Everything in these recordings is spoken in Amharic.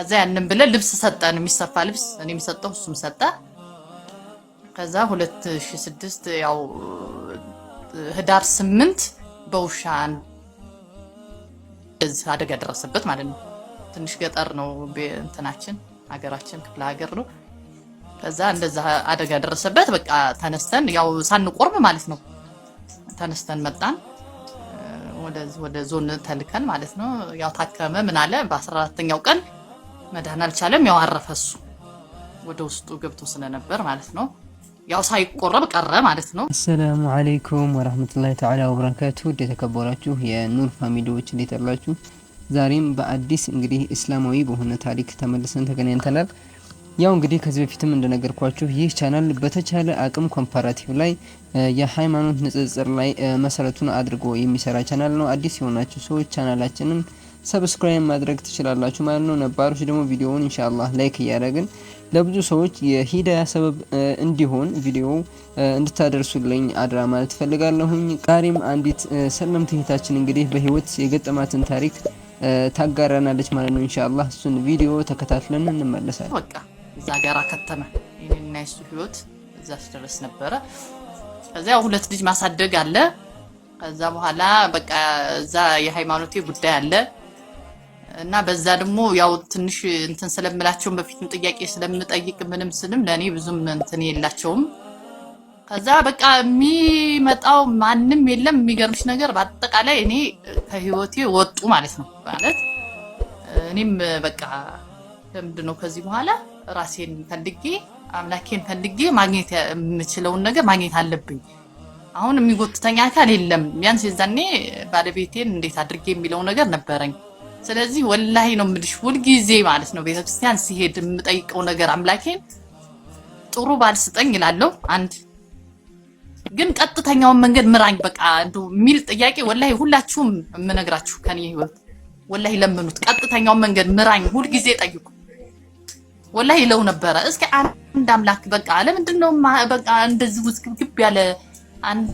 ከዛ ያንን ብለን ልብስ ሰጠን፣ የሚሰፋ ልብስ እኔ የሚሰጠው እሱም ሰጠ። ከዛ 2006 ያው ህዳር ስምንት በውሻ አደጋ ደረሰበት ማለት ነው። ትንሽ ገጠር ነው እንትናችን ሀገራችን ክፍለ ሀገር ነው። ከዛ እንደዛ አደጋ ደረሰበት። በቃ ተነስተን ያው ሳንቆርብ ማለት ነው ተነስተን መጣን ወደ ዞን ተልከን ማለት ነው። ያው ታከመ ምን አለ በ14ኛው ቀን መዳን አልቻለም። ያው አረፈ እሱ ወደ ውስጡ ገብቶ ስለነበር ማለት ነው። ያው ሳይቆረብ ቀረ ማለት ነው። አሰላሙ አለይኩም ወራህመቱላሂ ተዓላ ወበረካቱ። የተከበራችሁ የኑር ፋሚሊዎች እንዴት አላችሁ? ዛሬም በአዲስ እንግዲህ እስላማዊ በሆነ ታሪክ ተመልሰን ተገናኝተናል። ያው እንግዲህ ከዚህ በፊትም እንደነገርኳችሁ ይህ ቻናል በተቻለ አቅም ኮምፓራቲቭ ላይ የሃይማኖት ንጽጽር ላይ መሰረቱን አድርጎ የሚሰራ ቻናል ነው። አዲስ የሆናችሁ ሰዎች ቻናላችንን ሰብስክራይብ ማድረግ ትችላላችሁ ማለት ነው። ነባሮች ደግሞ ቪዲዮውን ኢንሻአላህ ላይክ እያደረግን ለብዙ ሰዎች የሂዳያ ሰበብ እንዲሆን ቪዲዮ እንድታደርሱልኝ አድራ ማለት ፈልጋለሁኝ። ዛሬም አንዲት ሰለምት እህታችን እንግዲህ በህይወት የገጠማትን ታሪክ ታጋራናለች ማለት ነው። ኢንሻአላህ እሱን ቪዲዮ ተከታትለን እንመለሳለን። በቃ እዛ ጋር ከተመ የኔና የሱ ህይወት እዛ ሲደረስ ነበረ። ከዚያ ሁለት ልጅ ማሳደግ አለ። ከዛ በኋላ በቃ እዛ የሃይማኖቴ ጉዳይ አለ እና በዛ ደግሞ ያው ትንሽ እንትን ስለምላቸውም በፊትም ጥያቄ ስለምጠይቅ ምንም ስልም ለእኔ ብዙም እንትን የላቸውም። ከዛ በቃ የሚመጣው ማንም የለም። የሚገርምሽ ነገር በአጠቃላይ እኔ ከህይወቴ ወጡ ማለት ነው። ማለት እኔም በቃ ለምንድን ነው ከዚህ በኋላ ራሴን ፈልጌ አምላኬን ፈልጌ ማግኘት የምችለውን ነገር ማግኘት አለብኝ። አሁን የሚጎትተኝ አካል የለም። ቢያንስ የዛኔ ባለቤቴን እንዴት አድርጌ የሚለው ነገር ነበረኝ። ስለዚህ ወላሂ ነው የምልሽ፣ ሁልጊዜ ማለት ነው ቤተክርስቲያን ሲሄድ የምጠይቀው ነገር አምላኬን ጥሩ ባል ስጠኝ እላለሁ። አንድ ግን ቀጥተኛውን መንገድ ምራኝ በቃ እንዱ የሚል ጥያቄ ወላሂ ሁላችሁም የምነግራችሁ ከኔ ህይወት ወላሂ ለምኑት፣ ቀጥተኛውን መንገድ ምራኝ ሁልጊዜ ጠይቁ። ወላሂ ይለው ነበረ። እስኪ አንድ አምላክ በቃ ለምንድን ነው በቃ እንደዚህ ውዝግብግብ ያለ አንድ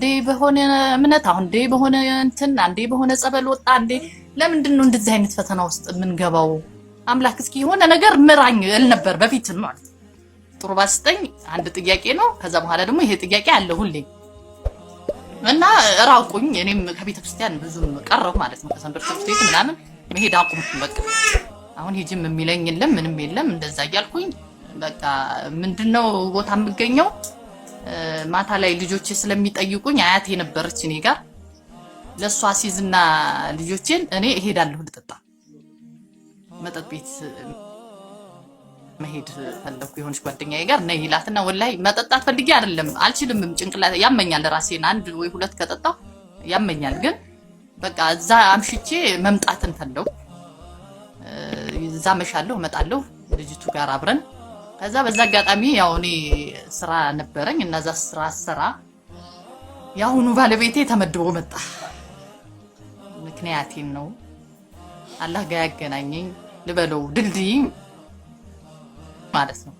እንዴ በሆነ እምነት አሁን እንዴ በሆነ እንትን አንዴ በሆነ ጸበል ወጣ እንዴ። ለምንድን ነው እንደዚህ አይነት ፈተና ውስጥ የምንገባው? አምላክ እስኪ የሆነ ነገር ምራኝ እል ነበር በፊት ማለት ጥሩ ባስጠኝ አንድ ጥያቄ ነው። ከዛ በኋላ ደግሞ ይሄ ጥያቄ አለ ሁሌ እና ራቁኝ። እኔም ከቤተ ክርስቲያን ብዙም ቀረው ማለት ነው። ከሰንበት ትምህርት ቤት ምናምን መሄድ አቁምኩ። በቃ አሁን ሂጂም የሚለኝ የለም ምንም የለም። እንደዛ እያልኩኝ በቃ ምንድነው ቦታ የምገኘው ማታ ላይ ልጆች ስለሚጠይቁኝ አያቴ ነበረች እኔ ጋር ለእሷ ሲዝና ልጆቼን እኔ እሄዳለሁ ልጠጣ መጠጥ ቤት መሄድ ፈለኩ። የሆነች ጓደኛዬ ጋር ነይ ይላትና ወላሂ መጠጣት ፈልጌ አይደለም አልችልምም ጭንቅላት ያመኛል። ራሴን አንድ ወይ ሁለት ከጠጣሁ ያመኛል። ግን በቃ እዛ አምሽቼ መምጣትን ፈለው እዛ መሻለሁ፣ እመጣለሁ ልጅቱ ጋር አብረን ከዛ በዛ አጋጣሚ ያው እኔ ስራ ነበረኝ እና እዛ ስራ ስራ የአሁኑ ባለቤቴ ተመድቦ መጣ። ምክንያቴን ነው አላህ ጋር ያገናኘኝ ልበለው ድልድይ ማለት ነው።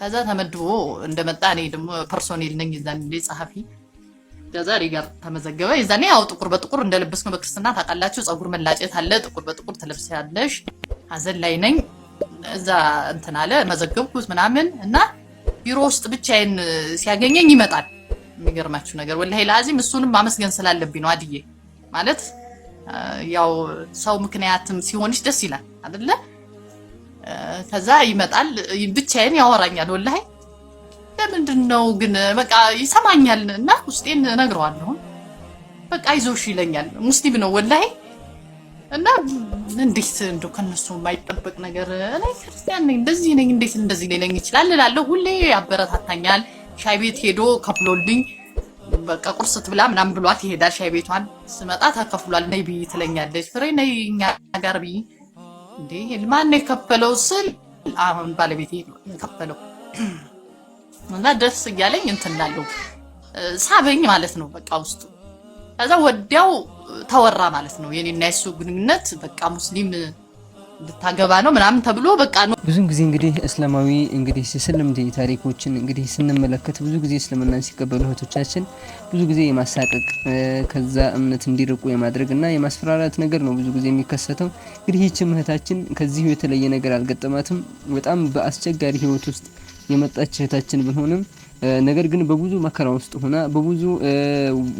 ከዛ ተመድቦ እንደመጣ እኔ ደግሞ ፐርሶኔል ነኝ የዛን ላይ ጸሐፊ ከዛሬ ጋር ተመዘገበ። የዛኔ ያው ጥቁር በጥቁር እንደለበስኩ በክርስትና ታውቃላችሁ፣ ፀጉር መላጨት አለ። ጥቁር በጥቁር ትለብስ ያለሽ ሀዘን ላይ ነኝ እዛ እንትን አለ መዘገብኩት ምናምን እና ቢሮ ውስጥ ብቻዬን ሲያገኘኝ ይመጣል። የሚገርማችሁ ነገር ወላሂ ለአዚም እሱንም ማመስገን ስላለብኝ ነው። አድዬ ማለት ያው ሰው ምክንያትም ሲሆንሽ ደስ ይላል አይደለ? ከዛ ይመጣል ብቻዬን ያወራኛል። ወላሂ ለምንድን ነው ግን በቃ ይሰማኛል እና ውስጤን እነግረዋለሁ። በቃ ይዞሽ ይለኛል። ሙስሊም ነው ወላሂ እና እንዴት እንደ ከነሱ የማይጠበቅ ነገር እኔ ክርስቲያን ነኝ፣ እንደዚህ ነኝ፣ እንዴት እንደዚህ ሊለኝ ይችላል እላለሁ። ሁሌ ያበረታታኛል። ሻይ ቤት ሄዶ ከፍሎልኝ በቃ ቁርስ ትብላ ምናምን ብሏት ይሄዳል። ሻይ ቤቷን ስመጣ ተከፍሏል። ነይ ብይ ትለኛለች። ፍሬ ነይ እኛ ጋር ብይ። እንዴ ማነው የከፈለው ስል አሁን ባለቤቴ የከፈለው እና ደስ እያለኝ እንትን እላለሁ። ሳበኝ ማለት ነው በቃ ውስጡ ከዛ ወዲያው ተወራ ማለት ነው። የኔና የሱ ግንኙነት በቃ ሙስሊም ልታገባ ነው ምናምን ተብሎ በቃ ነው። ብዙን ጊዜ እንግዲህ እስላማዊ እንግዲህ ስልምድ ታሪኮችን እንግዲህ ስንመለከት ብዙ ጊዜ እስልምናን ሲቀበሉ እህቶቻችን ብዙ ጊዜ የማሳቀቅ ከዛ እምነት እንዲርቁ የማድረግና የማስፈራራት ነገር ነው ብዙ ጊዜ የሚከሰተው። እንግዲህ ይህች እህታችን ከዚሁ የተለየ ነገር አልገጠማትም። በጣም በአስቸጋሪ ህይወት ውስጥ የመጣች እህታችን ብንሆንም ነገር ግን በብዙ መከራ ውስጥ ሆና በብዙ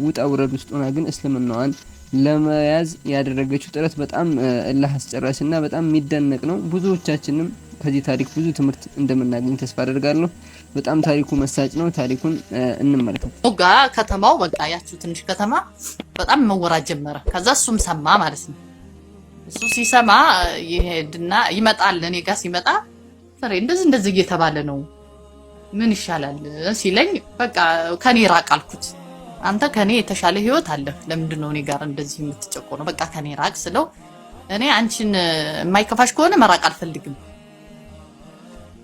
ውጣ ውረድ ውስጥ ሆና ግን እስልምናዋን ለመያዝ ያደረገችው ጥረት በጣም እልህ በጣም የሚደነቅ ነው። ብዙዎቻችንም ከዚህ ታሪክ ብዙ ትምህርት እንደምናገኝ ተስፋ አደርጋለሁ። በጣም ታሪኩ መሳጭ ነው። ታሪኩን እንመልከት። ሞጋ ከተማው በቃ ያችሁ ትንሽ ከተማ በጣም መወራት ጀመረ። ከዛ እሱም ሰማ ማለት ነው። እሱ ሲሰማ ይሄድና ይመጣል። እኔ ጋ ሲመጣ እንደዚህ እንደዚህ እየተባለ ነው ምን ይሻላል ሲለኝ በቃ ከኔ ራቅ አልኩት። አንተ ከኔ የተሻለ ህይወት አለ፣ ለምንድን ነው እኔ ጋር እንደዚህ የምትጨቆ ነው? በቃ ከኔ ራቅ ስለው እኔ አንቺን የማይከፋሽ ከሆነ መራቅ አልፈልግም።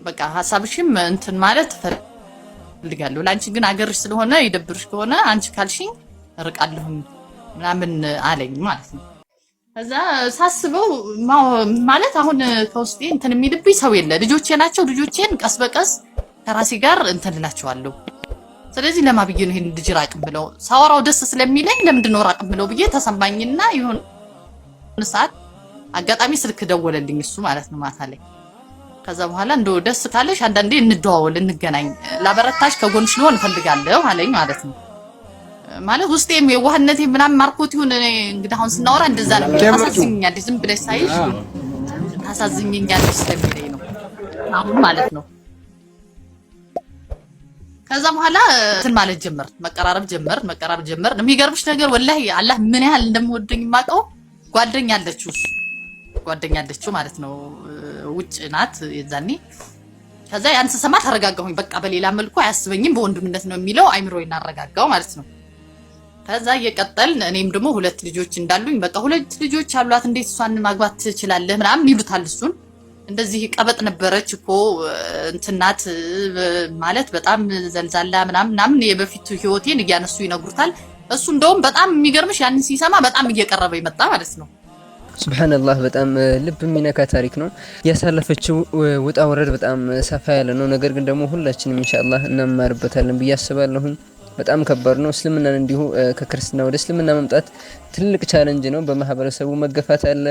በቃ ሀሳብሽም እንትን ማለት ፈልጋለሁ። ለአንቺ ግን አገርሽ ስለሆነ የደብርሽ ከሆነ አንቺ ካልሽኝ እርቃለሁም ምናምን አለኝ ማለት ነው። ከዛ ሳስበው ማለት አሁን ከውስጤ እንትን የሚልብኝ ሰው የለ። ልጆቼ ናቸው። ልጆቼን ቀስ በቀስ ከራሴ ጋር እንትን እላቸዋለሁ። ስለዚህ ለማ ብዬ ነው ይሄን ልጅ ራቅ ብለው ሳወራው ደስ ስለሚለኝ ለምንድን ነው ራቅ ብለው ብዬ ተሰማኝና ይሁን ሰዓት አጋጣሚ ስልክ ደወለልኝ እሱ ማለት ነው ማታ ላይ። ከዛ በኋላ እንደው ደስ ካለሽ አንዳንዴ እንደዋወል እንገናኝ፣ ላበረታሽ ከጎንሽ ልሆን እፈልጋለሁ አለኝ ማለት ነው። ማለት ውስጤም የዋህነት ምናምን ማርኮት ይሁን እንግዲህ አሁን ስናወራ እንደዛ ነው። ታሳዝኝኛለሽ፣ ዝም ብለሽ ሳይሽ ታሳዝኝኛለሽ ስለሚለኝ ነው አሁን ማለት ነው። ከዛ በኋላ እንትን ማለት ጀመር፣ መቀራረብ ጀመር፣ መቀራረብ ጀመር። የሚገርምሽ ነገር ወላሂ አላህ ምን ያህል እንደምወደኝ የማውቀው ጓደኛ አለችው ጓደኛ አለችው ማለት ነው፣ ውጭ ናት የዛኔ። ከዛ ያን ስሰማ ተረጋጋሁኝ። በቃ በሌላ መልኩ አያስበኝም፣ በወንድምነት ነው የሚለው አይምሮ ይናረጋጋው ማለት ነው። ከዛ እየቀጠል እኔም ደግሞ ሁለት ልጆች እንዳሉኝ በቃ ሁለት ልጆች አሏት፣ እንዴት እሷን ማግባት ትችላለህ ምናምን ይሉታል እሱን እንደዚህ ቀበጥ ነበረች እኮ እንትናት ማለት በጣም ዘንዛላ ምናምን ምናምን የበፊቱ ህይወቴን እያነሱ ይነግሩታል። እሱ እንደውም በጣም የሚገርምሽ ያንን ሲሰማ በጣም እየቀረበ ይመጣ ማለት ነው። ሱብሃነላህ በጣም ልብ የሚነካ ታሪክ ነው። ያሳለፈችው ውጣ ውረድ በጣም ሰፋ ያለ ነው። ነገር ግን ደግሞ ሁላችንም ኢንሻአላህ እናማርበታለን ብዬ አስባለሁኝ። በጣም ከባድ ነው። እስልምናን እንዲሁ ከክርስትና ወደ እስልምና መምጣት ትልቅ ቻለንጅ ነው። በማህበረሰቡ መገፋት አለ።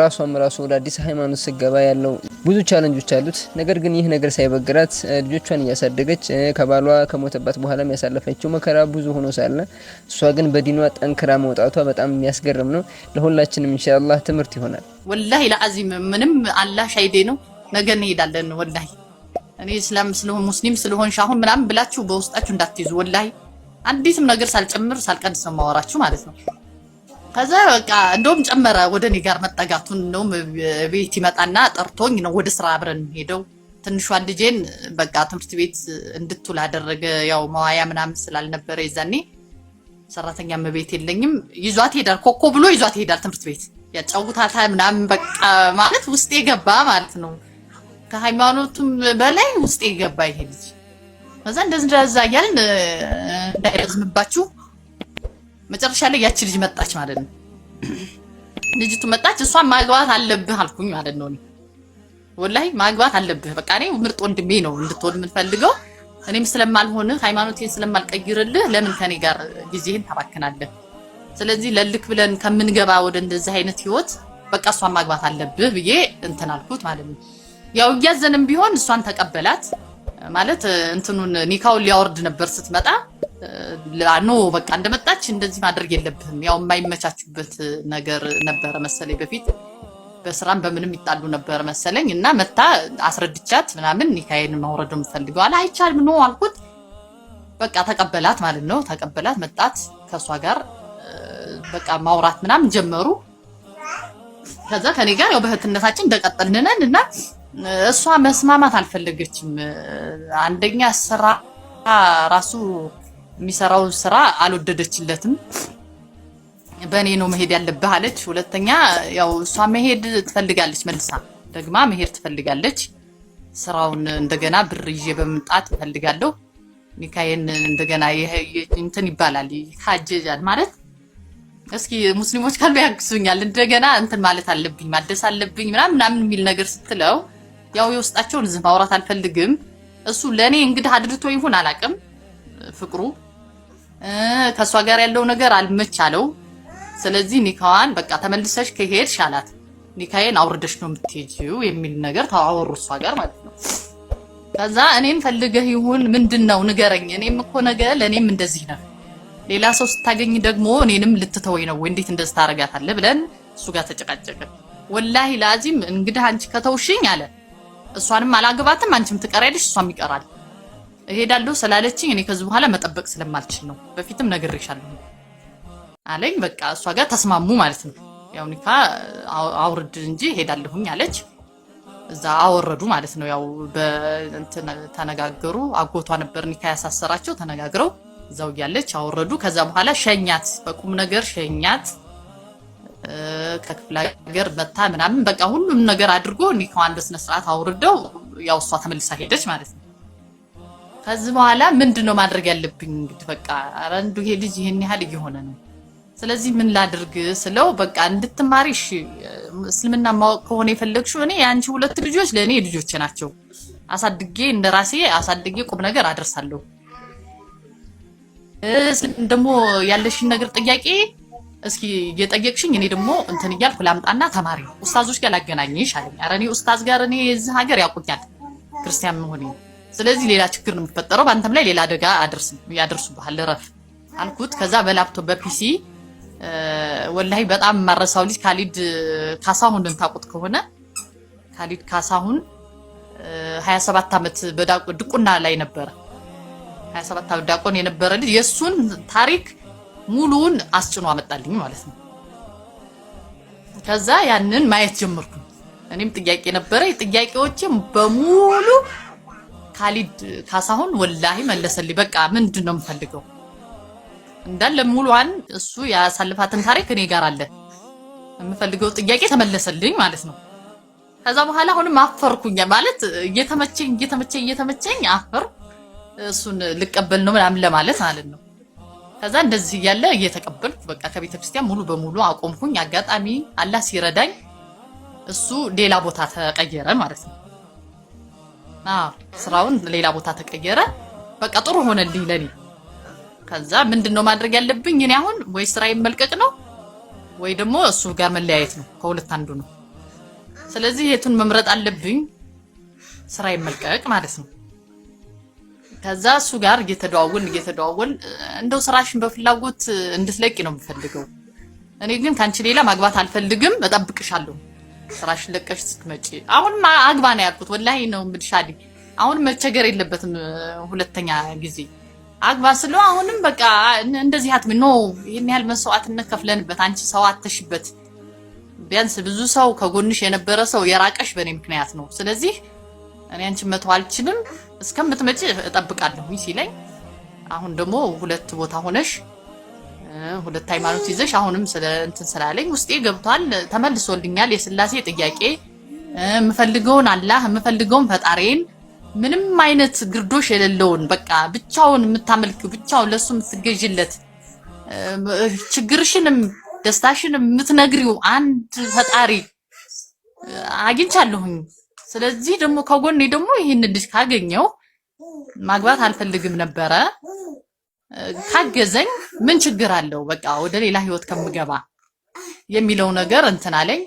ራሷም ራሱ ወደ አዲስ ሃይማኖት ስገባ ያለው ብዙ ቻለንጆች አሉት። ነገር ግን ይህ ነገር ሳይበግራት ልጆቿን እያሳደገች ከባሏ ከሞተባት በኋላም ያሳለፈችው መከራ ብዙ ሆኖ ሳለ እሷ ግን በዲኗ ጠንክራ መውጣቷ በጣም የሚያስገርም ነው። ለሁላችንም ኢንሻአላህ ትምህርት ይሆናል። ወላሂ ለአዚም ምንም አላህ ሻይዴ ነው። ነገ እንሄዳለን ወላሂ እኔ እስላም ስለሆን ሙስሊም ስለሆን አሁን ምናምን ብላችሁ በውስጣችሁ እንዳትይዙ። ወላሂ አንዲትም ነገር ሳልጨምር ሳልቀንስ ነው የማወራችሁ ማለት ነው። ከዛ በቃ እንደውም ጨመረ ወደ እኔ ጋር መጠጋቱን። እንደውም ቤት ይመጣና ጠርቶኝ ነው ወደ ስራ አብረን ሄደው ትንሿን ልጄን በቃ ትምህርት ቤት እንድትውል አደረገ። ያው መዋያ ምናምን ስላልነበረ የዛኔ ሰራተኛ መቤት የለኝም። ይዟት ይሄዳል፣ ኮኮ ብሎ ይዟት ይሄዳል ትምህርት ቤት ያጫውታታ ምናምን በቃ ማለት ውስጥ የገባ ማለት ነው። ከሃይማኖቱም በላይ ውስጥ የገባ ይሄ ልጅ ከዛ እንደዚህ እንደዛ እያልን እንዳይረዝምባችሁ መጨረሻ ላይ ያቺ ልጅ መጣች ማለት ነው። ልጅቱ መጣች። እሷን ማግባት አለብህ አልኩኝ ማለት ነው። ወላሂ ማግባት አለብህ በቃ እኔ ምርጥ ወንድሜ ነው እንድትሆን የምንፈልገው እኔም ስለማልሆን ሃይማኖቴን ስለማልቀይርልህ ለምን ከኔ ጋር ጊዜህን ታባክናለህ? ስለዚህ ለልክ ብለን ከምንገባ ወደ እንደዚህ አይነት ህይወት በቃ እሷን ማግባት አለብህ ብዬ እንትን አልኩት ማለት ነው። ያው እያዘንም ቢሆን እሷን ተቀበላት ማለት እንትኑን ኒካውን ሊያወርድ ነበር ስትመጣ ኖ በቃ እንደመጣች እንደዚህ ማድረግ የለብህም። ያው የማይመቻችበት ነገር ነበረ መሰለኝ በፊት በስራም በምንም ይጣሉ ነበር መሰለኝ እና መታ አስረድቻት ምናምን ኒካዬን ማውረድ የምፈልገው አለ። አይቻልም ኖ አልኩት። በቃ ተቀበላት ማለት ነው። ተቀበላት መጣት ከእሷ ጋር በቃ ማውራት ምናምን ጀመሩ። ከዛ ከኔ ጋር ያው በእህትነታችን እንደቀጠልንነን እና እሷ መስማማት አልፈለገችም። አንደኛ ስራ ራሱ የሚሰራው ስራ አልወደደችለትም። በእኔ ነው መሄድ ያለብህ አለች። ሁለተኛ ያው እሷ መሄድ ትፈልጋለች፣ መልሳ ደግማ መሄድ ትፈልጋለች። ስራውን እንደገና ብር ይዤ በመምጣት እፈልጋለሁ። ኒካዬን እንደገና እንትን ይባላል ይታጀጃል ማለት እስኪ ሙስሊሞች ካሉ ያግዙኛል እንደገና እንትን ማለት አለብኝ ማደስ አለብኝ ምናምን ምናምን የሚል ነገር ስትለው ያው የውስጣቸውን እዚህ ማውራት አልፈልግም። እሱ ለእኔ እንግዲህ አድርቶ ይሁን አላቅም። ፍቅሩ ከእሷ ጋር ያለው ነገር አልመች አለው። ስለዚህ ኒካዋን በቃ ተመልሰሽ ከሄድሽ አላት ኒካዬን አውርደሽ ነው የምትሄጂው የሚል ነገር ተዋወሩ እሷ ጋር ማለት ነው። ከዛ እኔን ፈልገህ ይሁን ምንድን ነው ንገረኝ። እኔም እኮ ነገ ለእኔም እንደዚህ ነው ሌላ ሰው ስታገኝ ደግሞ እኔንም ልትተወኝ ነው እንዴት እንደዚህ ታረጋታለህ? ብለን እሱ ጋር ተጨቃጨቀ። ወላሂ ላዚም እንግዲህ አንቺ ከተውሽኝ አለ እሷንም አላግባትም፣ አንቺም ትቀሪያለሽ፣ እሷም ይቀራል። እሄዳለሁ ስላለችኝ እኔ ከዚህ በኋላ መጠበቅ ስለማልችል ነው። በፊትም ነግሬሻለሁ አለኝ። በቃ እሷ ጋር ተስማሙ ማለት ነው። ያው ኒካ አውርድ እንጂ ሄዳለሁኝ አለች። እዛ አወረዱ ማለት ነው። ያው ተነጋገሩ። አጎቷ ነበር ኒካ ያሳሰራቸው። ተነጋግረው እዛው እያለች አወረዱ። ከዛ በኋላ ሸኛት፣ በቁም ነገር ሸኛት። ከክፍለ ሀገር መታ ምናምን በቃ ሁሉም ነገር አድርጎ ኒካዋን ስነስርዓት አውርደው ያው እሷ ተመልሳ ሄደች ማለት ነው። ከዚህ በኋላ ምንድን ነው ማድረግ ያለብኝ? እንግዲህ በቃ ኧረ እንደው ይሄ ልጅ ይሄን ያህል እየሆነ ነው፣ ስለዚህ ምን ላድርግ ስለው በቃ እንድትማሪሽ እስልምና ማወቅ ከሆነ የፈለግሽው እኔ የአንቺ ሁለት ልጆች ለእኔ ልጆቼ ናቸው፣ አሳድጌ እንደ ራሴ አሳድጌ ቁም ነገር አደርሳለሁ። ደግሞ ያለሽን ነገር ጥያቄ እስኪ እየጠየቅሽኝ እኔ ደግሞ እንትን እያልኩ ላምጣና ተማሪ ኡስታዞች ጋር ላገናኝሽ አለኝ። ኧረ እኔ ኡስታዝ ጋር እኔ የዚህ ሀገር ያውቁኛል ክርስቲያን መሆኔ። ስለዚህ ሌላ ችግር ነው የምትፈጠረው፣ በአንተም ላይ ሌላ አደጋ ያደርሱብሃል፣ ረፍ አልኩት። ከዛ በላፕቶፕ በፒሲ ወላሂ በጣም ማረሳው ልጅ ካሊድ ካሳሁን ታውቁት ከሆነ ካሊድ ካሳሁን 27 ዓመት በዳቆ ድቁና ላይ ነበረ። 27 ዓመት ዳቆን የነበረ ልጅ የእሱን ታሪክ ሙሉውን አስጭኖ አመጣልኝ ማለት ነው። ከዛ ያንን ማየት ጀመርኩ። እኔም ጥያቄ ነበረ። ጥያቄዎችም በሙሉ ካሊድ ካሳሁን ወላሂ መለሰልኝ። በቃ ምንድን ነው የምፈልገው እንዳለ ሙሉዋን እሱ ያሳልፋትን ታሪክ እኔ ጋር አለ። የምፈልገው ጥያቄ ተመለሰልኝ ማለት ነው። ከዛ በኋላ አሁንም አፈርኩኝ ማለት እየተመቸኝ እየተመቸኝ እየተመቸኝ አፈር እሱን ልቀበል ነው ምናምን ለማለት ማለት ነው። ከዛ እንደዚህ እያለ እየተቀበልኩ በቃ ከቤተ ክርስቲያን ሙሉ በሙሉ አቆምኩኝ። አጋጣሚ አላህ ሲረዳኝ እሱ ሌላ ቦታ ተቀየረ ማለት ነው። ስራውን ሌላ ቦታ ተቀየረ። በቃ ጥሩ ሆነልኝ ለኔ። ከዛ ምንድን ነው ማድረግ ያለብኝ እኔ አሁን? ወይ ስራ መልቀቅ ነው ወይ ደግሞ እሱ ጋር መለያየት ነው። ከሁለት አንዱ ነው። ስለዚህ የቱን መምረጥ አለብኝ? ስራ መልቀቅ ማለት ነው። ከዛ እሱ ጋር እየተደዋወል እየተደዋወል እንደው ስራሽን በፍላጎት እንድትለቂ ነው የምፈልገው። እኔ ግን ከአንቺ ሌላ ማግባት አልፈልግም፣ እጠብቅሻለሁ ስራሽን ለቀሽ ስትመጪ። አሁንም አግባ ነው ያልኩት፣ ወላሂ ነው የምልሽ አሊ። አሁንም መቸገር የለበትም ሁለተኛ ጊዜ አግባ ስለው አሁንም በቃ እንደዚህ አትሚ ኖ ይህን ያህል መስዋዕትነት ከፍለንበት አንቺ ሰው አተሽበት ቢያንስ ብዙ ሰው ከጎንሽ የነበረ ሰው የራቀሽ በእኔ ምክንያት ነው። ስለዚህ እኔ አንቺ መተው አልችልም። እስከምትመጪ እጠብቃለሁ ሲለኝ አሁን ደግሞ ሁለት ቦታ ሆነሽ ሁለት ሃይማኖት ይዘሽ አሁንም ስለ እንትን ስላለኝ ውስጤ ገብቷል፣ ተመልሶልኛል። የስላሴ ጥያቄ የምፈልገውን አላህ የምፈልገውን ፈጣሬን ምንም አይነት ግርዶሽ የሌለውን በቃ ብቻውን የምታመልኪው ብቻውን ለሱ የምትገዥለት ችግርሽንም ደስታሽንም የምትነግሪው አንድ ፈጣሪ አግኝቻለሁኝ። ስለዚህ ደግሞ ከጎኔ ደግሞ ይህን ልጅ ካገኘው ማግባት አልፈልግም ነበረ ካገዘኝ ምን ችግር አለው? በቃ ወደ ሌላ ህይወት ከምገባ የሚለው ነገር እንትን አለኝ።